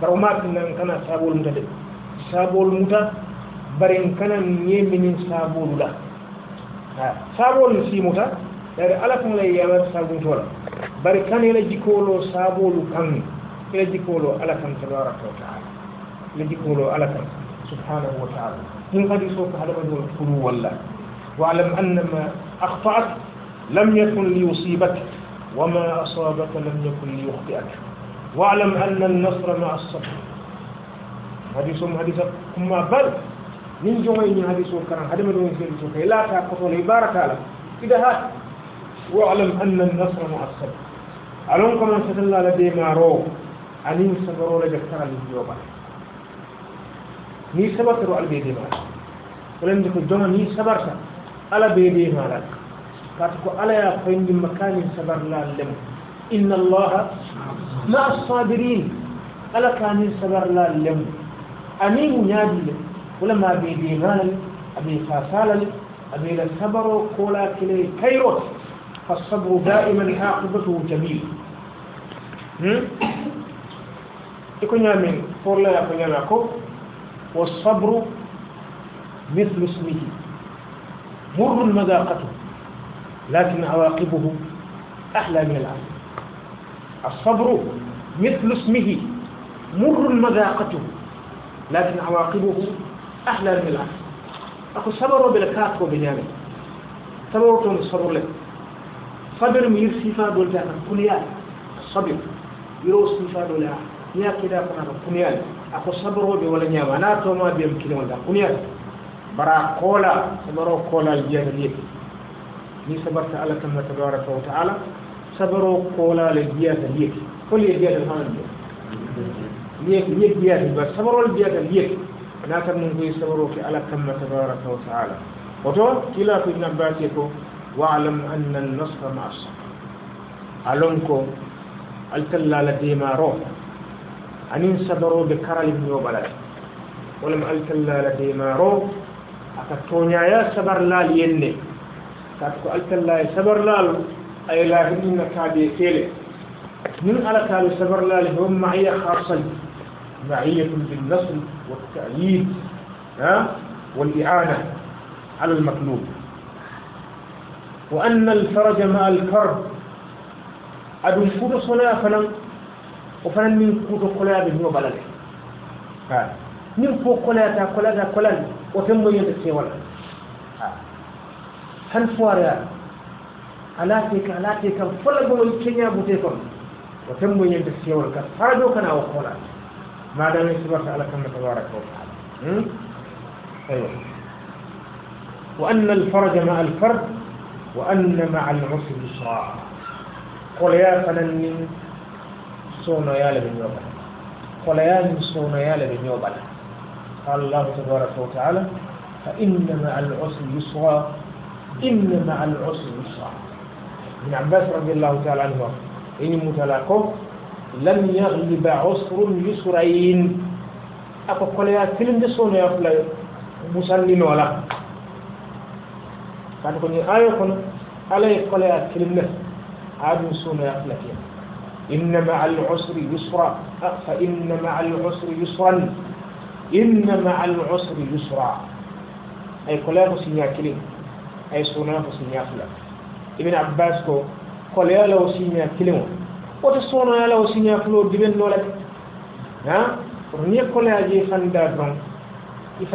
baro ma tin nan kana sabol muta de sabol muta barin kana nye minin sabol la sabol si muta dare ala kun lay yama sabol to la bari kana la jikolo sabol kan la jikolo ala kan tabaraka wa ta'ala la jikolo ala kan subhanahu wa ta'ala من حديث هذا بدون فمو ولا واعلم أن ما أخطأت لم يكن ليصيبك وما أصابك لم يكن ليخطئك واعلم أن النصر مع الصبر حديث حديث كما بل من جوين حديث كرام هذا بدون حديث لا تقطع بارك الله إذا هات واعلم أن النصر مع الصبر ألون كما فتن الله لديما رو أنين صبروا لجفتر الجوبة ni sabartaro ala ɓeede maɗa walande ko jono ni sabarta ala ɓeede maɗa kata ko alaya fayndi makamin sabarlal lemo inna allaha ma assabirin ala kanin sabarlal lemo ani muñaadile wala ma ɓeede maɗale aɓe fasalale aɓeyla sabaro kola kile kayrote فالصبر دائما عاقبته جميل يكون يامين فور لا يكون يامين والصبر مثل اسمه مر مذاقته لكن عواقبه أحلى من العسل الصبر مثل اسمه مر مذاقته لكن عواقبه أحلى من العسل أكو صبر بالكاك وبنيامه صبر تون الصبر لك صبر مير صفة كل يال الصبر يروس صفة دولا يا كده كنا كنيال ako sabroɓe walla ñaama ana toma ɓiyam kinolda kuniyata bara koola sabaro koolal jiyata yeti ni sabarta allah tanma tabaraka wa taala sabaro koolale jiyata yeti holi e jiyata hanan ɗo liyet liyet jiyata ba sabarol jiyata liyet ana tan noon koye sabaro ke allah tanma tabaraka wa taala oto kila ko ibne abbas e ko walam anna nnasra ma asabr alon ko altallala deemaro أنين سدرو بكرل ابنه بلاش ولم ألك الله لدي ما رو أكتونيا يا سبر لا ليني أكتو ألك الله يا سبر لا أي لا هنين كابي كيلي من على كابي سبر لا لهم معية خاصة معية بالنصر والتأييد والإعانة على المطلوب وأن الفرج مع الكرب أدو الفرصة لا فنم وفنان من كوتو كولاي بنو بلد من فوق كولاي تا كولاي تا كولاي وتم يدسي ولا هل فوار يا على تيك على تيك فلا بلو يكينيا بوتيكم وتم يدسي ولا كفاردو كنا وخولا ما دام يسبرت على كم تبارك وتعالى ايوه وان الفرج مع الفرد وان مع العسر يسرا قل يا فنان من sonoyala ɓe ñoɓala holayamin sonoyala ɓe ñoɓala qala llahu tabaraka wa taala fa inna maa al usri yusra inna maa al usri yusra ibne abbas radiallahu taala anhu eni mutala ko lam yagliba usrun yusrayin ako koleya filinde sonoya fula musallinola kadi ko ñin ayo kono ala ye koleya filinde aɗum sonoya fula fiyen إن مع العسر يسرا فإن مع العسر يسرا إن مع العسر يسرا أي كلاه سنياكلين أي سناه سنياكلا ابن عباس كو قال كلاه لو سنياكلين وتسونا لو سنياكلو دبن لولك ها رني كلاه جي فندا درون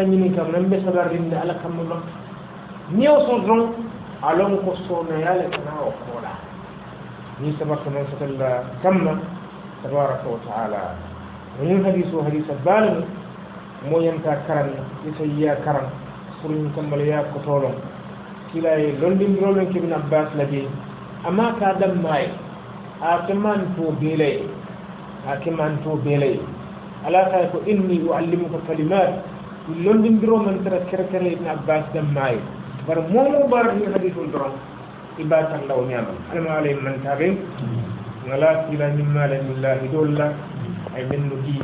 من كم لم سبار رند على كم لون نيو سون درون ألون يا يالك ناو كولا ni sabak nan satalla kamma tabaraka wa ta'ala wani hadisu hadisa balin mo yanta karan isa ya karan furin kambal ya kotolon kila ye londin rolon kibin abbas lage amma ka dan mai a kiman to belai a kiman to belai ala ka ko inni uallimuka kalimat londin rolon tara kere kere ibn abbas dan mai bar momo bar ni hadisul doron iba tandaw ñama alma alay mantaɓe ngala sila ñimmala millahi dolla ay menno di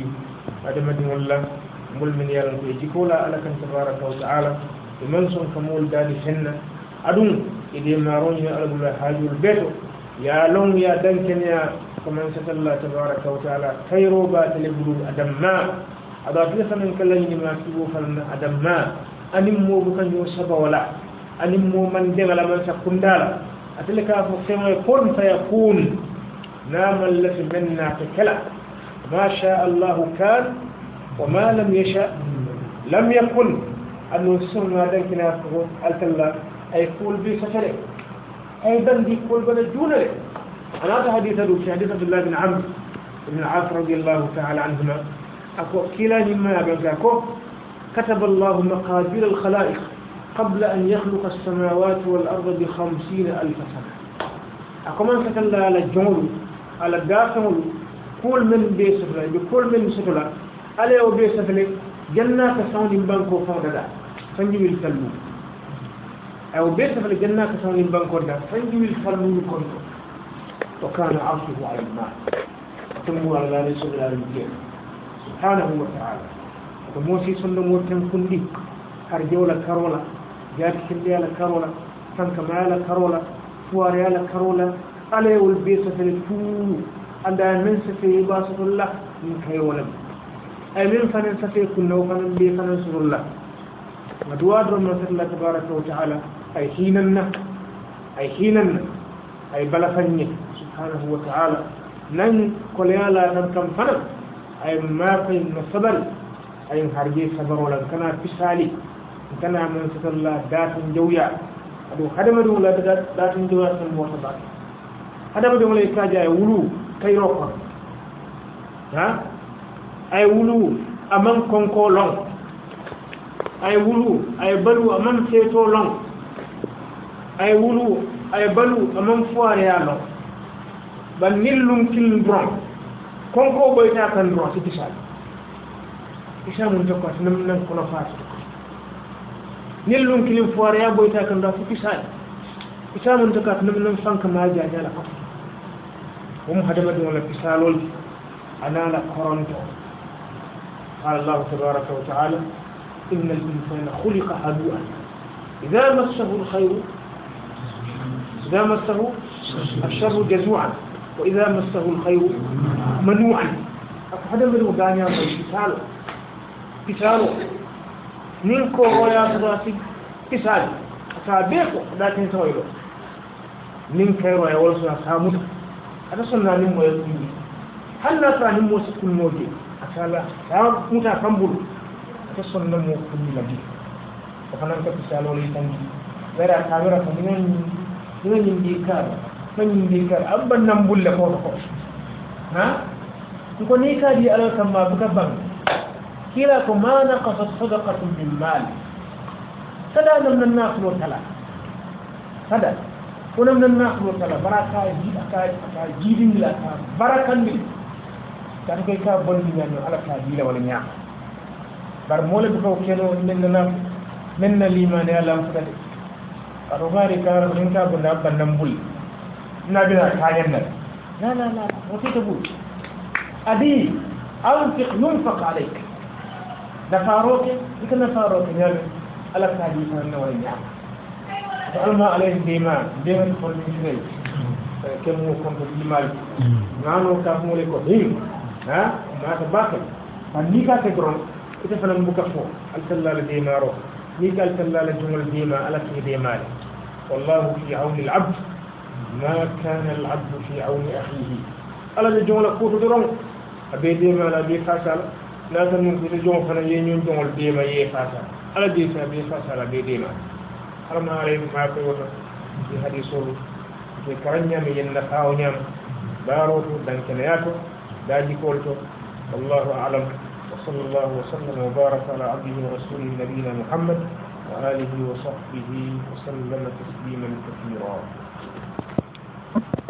adamadiŋol la mbol men yalan koye jikola ala kan tabaraka wa taala e man son ka mool daali henna aɗum ede maroño alagula haajol beeto ya long ya dankeneya koman satalla tabaraka wa taala kayroba telebulu adamma aɗa tila fanan kalañinima sibo fanana adamma anin mogo kaño saba wala ani mo man de wala man sakundala atele ka fo kemo kon fa yakun نام ما شاء الله كان وما لم يشاء لم يكن أن نسمع ذلك نافه التلا أي سفره أيضا دي قول بنا هذا حديث في حديث عبد الله بن عمرو بن العاص رضي الله تعالى عنهما أكو كلا مما أبنكاكو كتب الله مقادير الخلائق قبل أن يخلق السماوات والأرض بخمسين ألف سنة أكمن فتلا الجمل على داخل كل من بيسفلا بكل من سفلا على أو بيسفلا جنة كسان بانكو فردا سنجي الفلو أو بيسفلا جنة كسان بانكو دا سنجي الفلو كنتو وكان عرشه على الماء وتمو على ذلك سبلا سبحانه وتعالى وموسي سنة موتن كندي أرجو لك karola جاب جارشليالا كارولا تنكمالا كارولا فواريالا كارولا علي والبيسة الفون عند من سفي باسط الله من كيولا ولم أي من فنن سفي كنا وفنن بي فنن سر الله مدواد رمنا الله تبارك وتعالى أي حيننا أي حيننا أي بلا فني سبحانه وتعالى نن كليالا نن كم فنن أي ما في صبر أي هرجي صبر ولا كنا في سالي kana mun men sotalla datin jawya hadama do la datin jawya tan ta ba do lay kaja e wulu kayro kon ha ay wulu aman konko long ay wulu ay balu aman seeto long ay wulu ay balu aman ya long ba nillum kil bron konko ta tan bron ci tisal isa mun jokkat nam nan kono faatuto nellon kilim foore ya boyta kan da fuki sai isamun ta kat nam nam sanka ma ja jala ko um hadama do la pisalol anala koronto قال الله تبارك وتعالى إن الإنسان خلق هلوءا إذا مسه الخير إذا مسه الشر جزوعا وإذا مسه الخير منوعا أكو هذا من غانيا في سالو ninkooroyaasuɗo asi kisaaji so a bee ko tin tawa ɗo nin kayroya wala sona saamuta aɗa sonna nimmoya ɗumɗi halla so a nimmo sikkulmoje a sala saa muta kambulu ata sunna mo kullila bi o fanan ka pisal wala yitangi wara kamera ko minen minen yimɓi kar man yimɓi kar an ban nan bulle koto ko ha ko ni kaadi alal kamma buka bang كلاكما نقصت صدقة من مال فلا من الناس وتلا فلا ونم من الناس وتلا بركة جيد أكاي أكاي جيد لا بركة لي كان كي كان بني يعني على كابيلا ولا نعم بر مولى بكو كيلو من من الإيمان يا لام فدل كاروغاري كار بنكا بنا بنمبل نبينا كاين لا لا لا وكيتبول أدي أنفق ينفق عليك دفاروكي لكن دفاروكي يعني ألا تهديك من نوريا فعلما عليهم ديما ديما يدخل من شري كم هو كنت ديما نانو كافمو لكو ديما ها ما تباكي فالنيكا تقرون كيف فلن بكفو ألتلا لديما روح نيكا ألتلا لجمل ديما ألا تهي ديما والله في عون العبد ما كان العبد في عون أخيه ألا تجمل كوتو درون أبي ديما لا بي خاشا لا تنسى جون خنا ينون جون الديما يفاسا على ديسا بيفاسا على ديما على ما عليه ما في وطن في هذه الصورة في كرنيا من النخاو نعم باروتو دانكنياتو داجي كولتو والله أعلم وصلى الله وسلم وبارك على عبده ورسوله نبينا محمد وآله وصحبه وسلم تسليما كثيرا